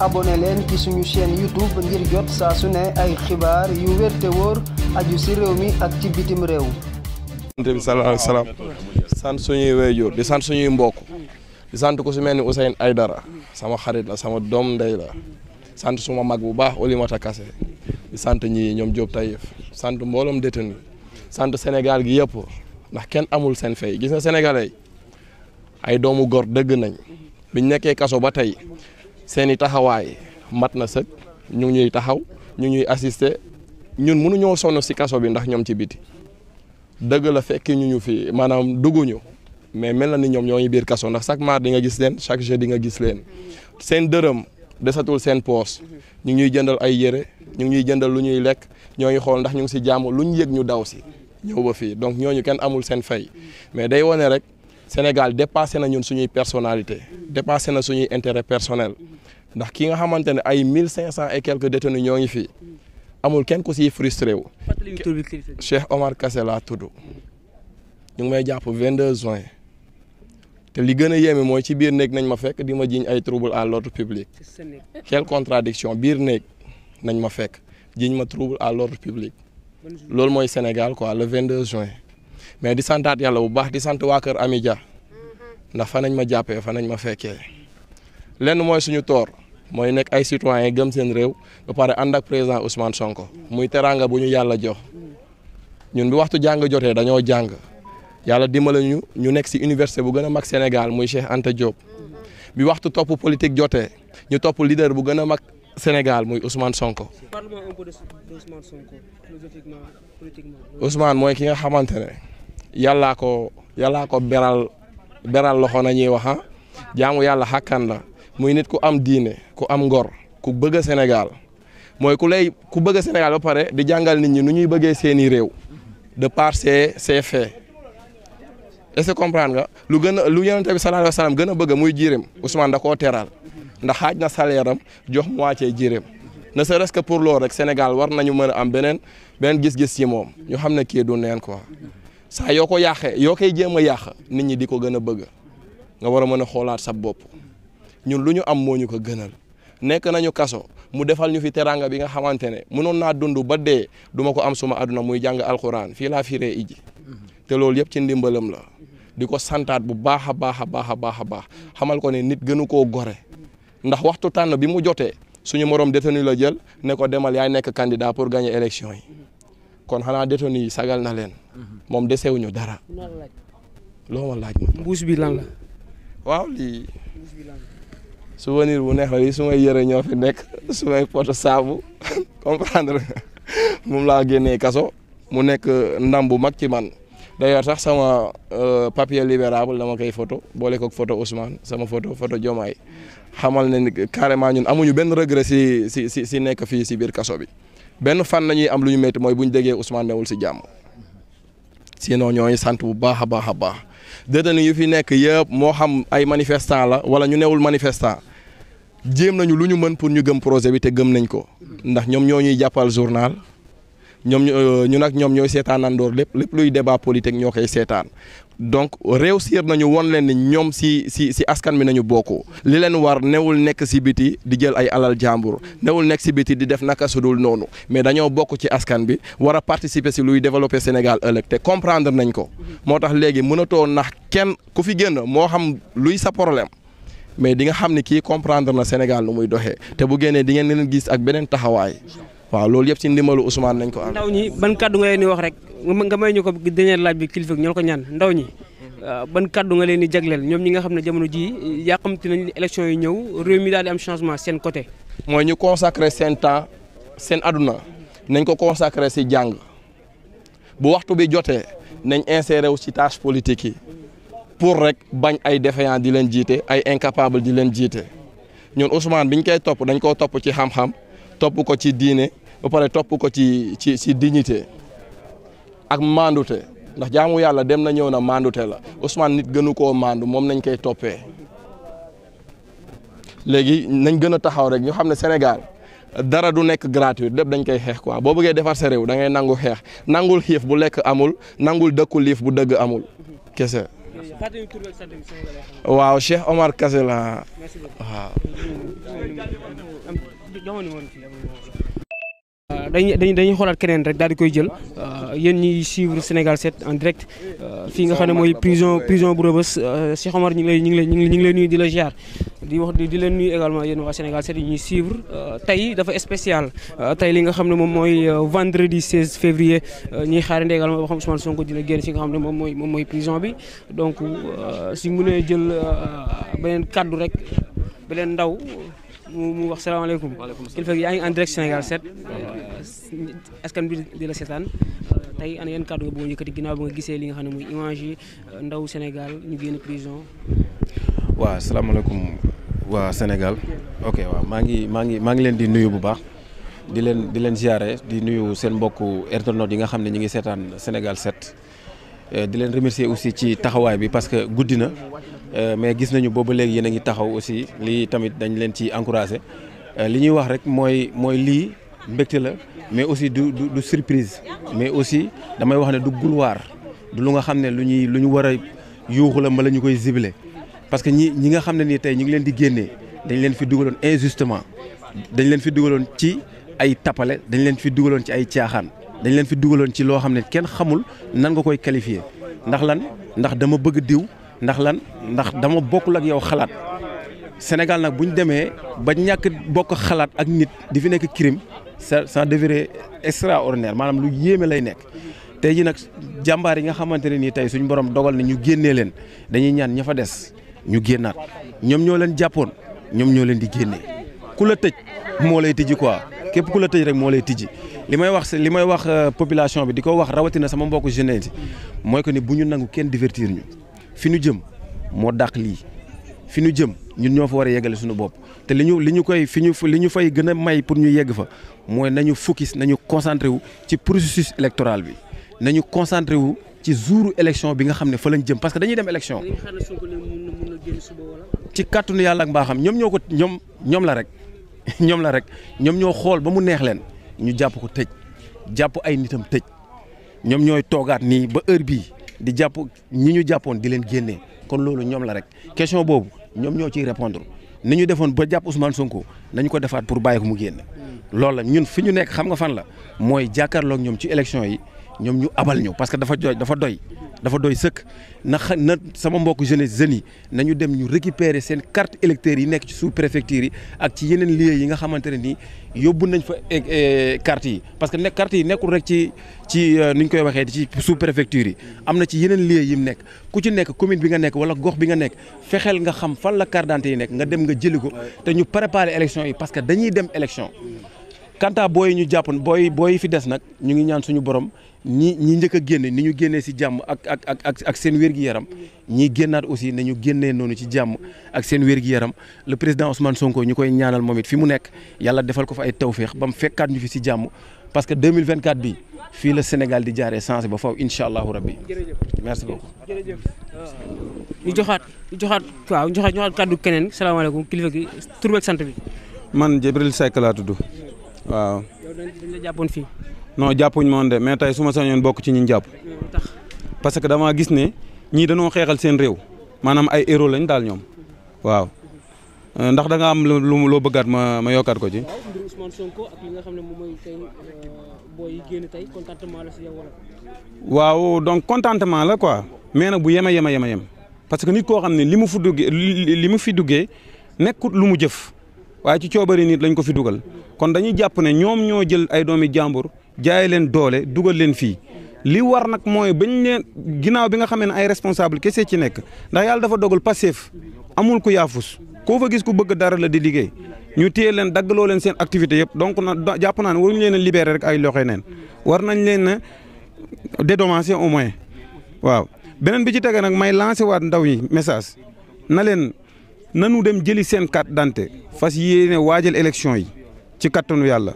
abonné leen ci suñu chaîne YouTube ngir jot saa su ay xibaar yu wér te wóor aju si réew mi ak ci bitim réew. salaam sant suñuy wéyjoor di sant suñuy mbokk di sant ku si mel ni ay dara sama xarit la sama doom ndey la sant suma mag bu baax Olimata Kase di sant ñi ñoom Diop Taïf sant mbooloom détenu sant Sénégal gi yëpp ndax kenn amul seen fay gis na sénégalais ay doomu gor dëgg nañ biñ nekkee kaso ba tey. seen i taxawaay mat na sëg ñu ngi ñuy taxaw ñu ñuy assister ñun mënuñoo sonn si kaso bi ndax ñoom ci biti dëgg la fekk ñu ñu fi maanaam dugguñu mais mel na ni ñoom ñoo ngi biir kaso ndax chaque mardi di nga gis leen chaque jeudi di nga gis leen seen dërëm desatul seen poos ñu ñuy jëndal ay yére ñu ngi ñuy jëndal lu ñuy lekk ñoo ngi xool ndax ñu ngi si jàmm lu ñu yëg ñu daw si ñëw ba fii donc ñooñu kenn amul seen fay mais day wane rek. Sénégal dépasé na ñun suñuy personnalité dépassé na suñuy intérêt personnel ndax ki nga xamante ne ay mille cinq cent et quelques détenus ñoo ngi fii amul kenn ku siy frustré wu. Cheikh Omar Kassé laa tudd ñu ngi may jàpp 22 juin te li gën a yéeme mooy ci biir néeg nañ ma fekk di ma jiñ ay trouble à l'ordre public quelle contradiction biir néeg nañ ma fekk jiñ ma trouble à l'ordre publique loolu mooy Sénégal quoi le 22 juin. mais di santaat yàlla bu baax di sant waa kër Ami Dia mm-hmm. ndax fa nañ ma jàppee fa nañ ma fekkee lenn mooy suñu toor mooy nekk ay citoyen gëm seen réew ba pare ànd ak président Ousmane Sonko muy teraanga bu ñu yàlla jox ñun bi waxtu jàng jotee dañoo jàng yàlla dimbale ñu ñu nekk si université bu gën a mag Sénégal muy Cheikh Anta Diop mm-hmm. bi waxtu topp politique jotee ñu topp lider bu gën a mag Sénégal muy usmaan Sonko. parle mooy ki nga xamante ne. yàllaa ko yàllaa ko beral beral loxo na ñuy wax ah jaamu yàlla xàkkan la muy nit ku am diine ku am ngor ku bëgg a Sénégal mooy ku lay ku bëgg a Sénégal ba pare di jàngal nit ñi nu ñuy bëggee seeni réew de par ses est-ce que comprendre nga lu gën a lu yonente bi sallallahu alayhi gën a bëgg muy jiireem Ousmane da teral ndax xaaj na salaire am jox mu wàccee jiireem na serait-ce que pour loolu rek Sénégal war nañu mën a am beneen beneen gis-gis ci moom ñu xam ne kii du neen quoi saa yoo ko yàqee yoo koy jéem a yàq nit ñi di ko gën a bëgg nga war a mën a xoolaat sa bopp ñun lu ñu am moo ñu ko gënal nekk nañu kaso mu defal ñu fi teraanga bi nga xamante ne mënoon naa dund ba dee duma ko am suma àdduna muy jàng alxuraan fii laa fiire iji te loolu yëpp ci ndimbalam la di ko santaat bu baax a baax a baax a baax a baax xamal ko ne nit gënu koo gore ndax waxtu tànn bi mu jotee suñu morom détenu la jël ne ko demal yaay nekk candidat pour gagner élection yi kon xanaa détenu yi sagal na leen mhm. moom desewuñu dara loo ma laaj ma mbuus bi lan la waaw bu neex la lii su may yëre ñoo fi nekk su may poto saabu comprendre moom laa génne kaso mu nekk uh, ndam bu mag ci man d'ailleurs sax sama uh, papier libérable dama koy photo boole kook photo Ousmane sama photo photo Diomaye xamal ne carrément ñun amuñu benn regret si si si nekk fii si biir kaso bi benn fan nañuy am lu ñu métti mooy bu ñu degee Ousmane newul si jàmm sinon ñooy sant bu baax a baax a baax détenu yu fi nekk yëpp moo xam ay manifestant la wala ñu newul manifestant jéem nañu lu ñu mën pour ñu gëm projet bi te gëm nañ ko ndax ñoom ñoo ñuy jàppal journal ñoom euh, ñu nag ñoom ñooy seetaanandoor lépp lépp luy débat politique ñoo koy seetaan donc réussir nañu won leen ni ñoom si si si askan bi nañu bokk li leen war newul nekk si biti di jël ay alal jàmbur newul nekk si biti di def naka sudul noonu mais dañoo bokk ci askan bi war a participer si luy développer Sénégal ëllëg te comprendre nañ ko moo tax léegi mënatoo nax kenn ku fi génn moo xam luy sa problème mais di nga xam ni kii comprendre na Sénégal nu muy doxee te bu génnee di ngeen leen gis ak beneen taxawaay waaw loolu yëpp ci ndimbalu Ousmane nañ ko am. ndaw ñi ban kàddu nga leen di wax rek nga may ñu ko dernier laaj bi kilifa ñoo ko ndaw ñi euh, ban kàddu nga leen di jagleel ñoom ñi nga xam ne jamono jii yàqamti nañ élection yi ñëw réew mi daal di am changement seen côté. mooy ñu consacré seen temps seen aduna nañ ko consacré si jàng bu waxtu bi jotee nañ inséré wu ci tâche yi pour rek bañ ay défaillant di leen jiite ay incapable di leen jiite ñun Ousmane biñ koy topp dañ koo topp ci xam-xam. topp ko ci diine ba pare topp ko ci ci ci dignité ak maandute ndax jaamu yàlla dem na ñëw na maandute la Ousmane nit gënu koo maandu moom nañ koy toppee léegi nañ gën a taxaw rek ñu xam ne Sénégal dara du nekk gratuit def dañ koy xeex ko boo bëggee defar sa da ngay nangu xeex nangul xiif bu lekk amul nangul dëkku liif bu dëgg amul kese. waaw Cheikh Omar Kase jamono moom fii amul dañuy dañuy dañuy xoolaat keneen rek daal di koy jël euh, yéen ñiy suivre Sénégal 7 en direct euh, fii nga xam ne mooy prison prison bu Rëbës euh, Cheikh Omar ñu ngi lay ñu ngi ñu ngi lay nuyu di la ziar di wax di leen nuyu également yéen waa Sénégal 7 yi tey dafa spécial tey li nga xam ne moom mooy vendredi 16 février ñuy xaarandi également boo xam Ousmane Sonko dina génn fi nga xam ne moom mooy moom prison bi donc suñ nee jël beneen kàddu rek beneen ndaw. mu wax salaamaaleykum. waaleykum salaam kilifa gi yaa ngi en direct Sénégal 7. askan bi di la seetaan tey ana yan kàddu nga bëggoon yëkkati ginnaaw gisee li nga xam ne muy image yi euh, ndaw Sénégal ñu génn prison. waaw salaamaaleykum waa Sénégal ok waaw maa ngi maa ngi maa ngi leen di nuyu bu baax di leen di leen ziare di nuyu seen mbokk internautes yi nga xam ne ñu ngi seetaan Sénégal set euh, di leen remercier aussi ci taxawaay bi parce que guddi na. Euh, mais gis nañu booba léegi yéen a ngi taxaw aussi lii tamit dañ leen ci encouragé euh, li ñuy wax rek mooy mooy lii mbégte la mais aussi du du surprise mais aussi damay wax ne du gulwaar du lu nga xam ne lu ñuy lu ñu war a yuuxu la mbala ñu koy zible parce que ñi ñi nga xam ne nii tey ñu ngi leen di génnee dañ leen fi dugaloon injustement dañ leen fi dugaloon ci ay tappale dañ leen fi dugaloon ci ay caaxaan dañu leen fi dugaloon ci loo xam ne kenn xamul nan koy qualifier ndax lan ndax dama bëgg diw ndax lan ndax dama bokkul ak yow xalaat Sénégal nag bu ñu demee ba ñàkk bokk xalaat ak nit di fi nekk crime ça ça devrait extraordinaire maanaam lu yéeme lay nekk. tey jii nag jàmbaar yi nga xamante ne nii tey suñu borom dogal na ñu génnee leen dañuy ñaan ña fa des ñu génnaat ñoom ñoo leen jàppoon ñoom ñoo leen di génnee ku la tëj moo lay tijji quoi képp ku la tëj rek moo lay tijji. li may wax li may wax euh, population bi di ko wax rawatina sama mbokku jeunesse mooy que ni bu ñu nangu kenn divertir ñu. fi ñu jëm moo dàq lii fi ñu jëm ñun ñoo fa war a yeggale suñu bopp te li ñu li ñu koy fi ñu li ñu fay gën a may pour ñu yegg fa mooy nañu focus nañu concentré wu ci processus électoral bi nañu concentré wu ci jouru élection bi nga xam ne fa lañ jëm parce que dañuy dem élection. ci kàttanu yàlla ak mbaaxam ñoom ñoo ko ñoom ñoom la rek ñoom la rek ñoom ñoo xool ba mu neex leen ñu jàpp ko tëj jàpp ay nitam tëj ñoom ñooy toogaat nii ba heure bii. di jàpp ñi ñu jàppoon di leen génnee kon loolu ñoom la rek question boobu ñoom ñoo ciy répondre ni ñu defoon ba jàpp Ousmane Sonko nañu ko defaat pour bàyyi ko mu génn loolu la ñun fi ñu nekk xam nga fan la mooy jàkkaarloog ñoom ci élection yi ñoom ñu abal ñu parce que dafa doy dafa doy dafa doy sëkk na na sama mbokk jeunesse jeunes yi nañu dem ñu récupérer seen carte électeurs yi nekk ci sous préfecture yi ak ci yeneen lieux yi nga xamante ne nii yóbbu nañ fa eh, eh, carte yi parce que ne carte yi nekkul rek ci ci euh, ni koy waxee ci sous yi am na ci yeneen lieux yi mu nekk ku ci nekk commune bi nga nekk wala gox bi nga nekk fexeel nga xam fan la carte yi nekk nga dem nga jëli ko te ñu préparer élection yi parce que dañuy dem élection quant à booy ñu jàpp booy booy fi des nag ñu ngi ñaan suñu borom ñi ñi njëkk a ni ñu génnee si jàmm ak ak ak ak seen wér-gi-yaram ñi génnaat aussi ñu génnee noonu ci jàmm ak seen wér-gi-yaram le président Ousmane Sonko ñu koy ñaanal moom it fi mu nekk yàlla defal ko fa ay tawféex ba mu fekkaat ñu fi si jàmm parce que 2024 bi fii la Sénégal di jaaree changé ba faw incha allahu rabbi merci beaucoup. jërëjëf ñu joxaat ñu joxaat waaw joxaat ñu joxaat kàddu keneen salaamaaleykum kilifa gi tur beeg sant bi. man Jibril Seck laa tudd waaw. yow non jàppuñ moon de mais tey su sañoon bokk ci ñi jàpp parce que damaa gis ne ñii dañoo xeexal seen réew maanaam ay héros lañ daal ñoom waaw euh, ndax da nga am lu loo bëggaat ma ma yokkaat ko ci. waaw mbiru Ousmane Sonko xam ne moom euh, la si yow waaw donc contentement la quoi mais nag bu yem a yem a yem parce que nit koo xam ne li mu fu duggee li mu fi duggee nekkut lu mu jëf waaye ci coobari nit lañ ko fi dugal kon dañuy jàpp ne ñoom ñoo jël ay doomi jàmbur. jaay leen doole dugal leen fii li war nag mooy bañ ginnaaw bi nga xamee ne ay responsable kese ci nekk ndax yàlla dafa dogal Pastef amul ku yaafus koo fa gis ku bëgg dara la di liggéey ñu téye leen dagg leen seen activité yëpp donc na jàpp naa ne waruñu leen a libérer rek ay loxo war nañ leen a dédommager au moins waaw beneen bi ci tege nag may lancer waat ndaw yi message na leen nanu dem jëli seen carte d'identité fas yéene waajal élection yi ci kattanu yàlla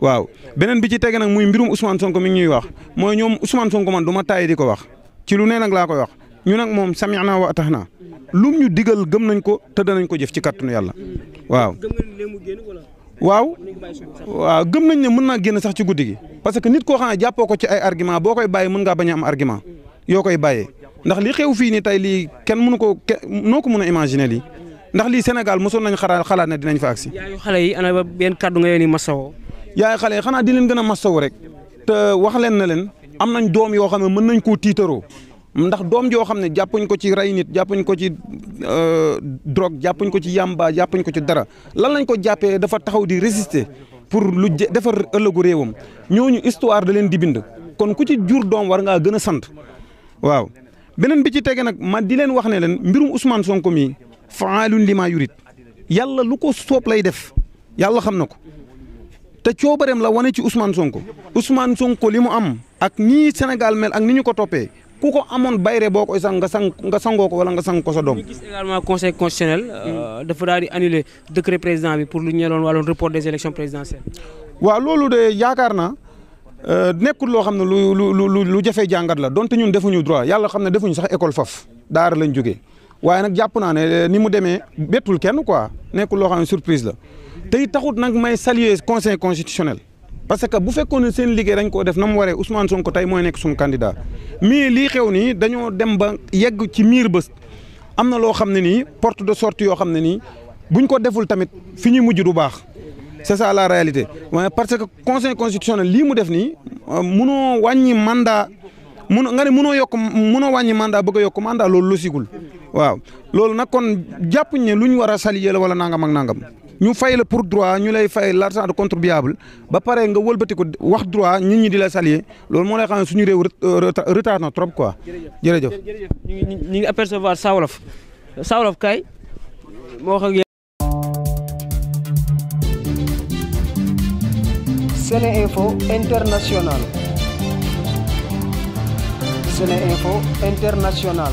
waaw beneen bi ci tege nag muy mbirum Ousmane Sonko mi ngi ñuy wax mooy ñoom Ousmane Sonko man du ma di ko wax ci lu ne nag laa koy wax ñu nag moom sami'na wa na lum ñu digal gëm nañ ko te danañ ko jëf ci kàttanu yàlla waaw. waaw waaw gëm nañ ne mun naa génn sax ci guddi parce que nit koo xam ne jàppoo ko ci ay argument boo koy bàyyi mën nga bañ am argument yoo koy bàyyee ndax li xew fii ni tey lii kenn mënu ko noo ko mën a imaginer lii ndax lii Sénégal mosoon nañ xalaat xalaat ne dinañ fa agsi. yaayu xale yi ana benn kàddu nga leen di masawoo yaay xale xanaa di leen gën a masawu rek te wax leen na leen am nañ doom yoo xam ne mën nañ koo tiitaroo ndax doom joo xam ne jàpp jàppuñ ko ci rey nit jàppuñ ko ci euh, drogue jàppuñ ko ci yamba jàppuñ ko ci dara lan lañ ko jàppee dafa taxaw di résister pour lu defar ëllëgu réewam ñooñu histoire da leen di bind kon ku ci jur doom war ngaa gën a sant waaw beneen bi ci tege nag ma di leen wax ne leen mbirum Ousmane Sonko mii faalun li maa yurit yàlla lu ko soob lay def yàlla xam na ko te coobareem la wane ci Ousmane Sonko Ousmane Sonko li mu am ak nii Sénégal mel ak ni ñu ko toppee ku ko amoon bayre boo koy sang nga nga sangoo ko wala nga sang ko sa doom. ñu gis également conseil constitutionnel. Euh, dafa daal di annulé président bi pour lu ñu ñeeloon wàllum report des élections présidentielles. waaw loolu de yaakaar naa euh, nekkul loo xam ne lu lu lu lu jafe jàngat la donte ñun defuñu droit yàlla xam ne defuñu sax école faf daara lañ jógee. waaye nag jàpp naa ne eh, ni mu demee bettul kenn quoi nekkul loo xam ne surprise la te it taxut nag may saluer conseil constitutionnel. parce que bu fekkoon ne seen liggéey dañ koo def na mu waree Ousmane tey mooy nekk suñu candidat mais lii xew nii dañoo dem ba yegg ci miir bës am na loo xam ne nii porte de sortie yoo xam ne nii buñ ko deful tamit fi ñuy mujj du baax. c'est ça la réalité waaye parce que conseil constitutionnel lii mu def nii euh, munoo wàññi mandat mun nga ne munoo yokk munoo wàññi mandat bëgg yokku manda loolu lu sigul waaw loolu nag kon jàppuñ ne lu ñu war a saliye la wala nangam ak nangam ñu fay la pour droit ñu lay fay l'argent de contribuable ba pare nga wëlbati ko wax droit ñun ñi di la saliye loolu moo lay xam ne suñu réew euh, retard na trop quoi jërëjëf. jërëjëf ñu ngi ñu ngi apercevoir Sawolof Sawolof kay moo wax ak International.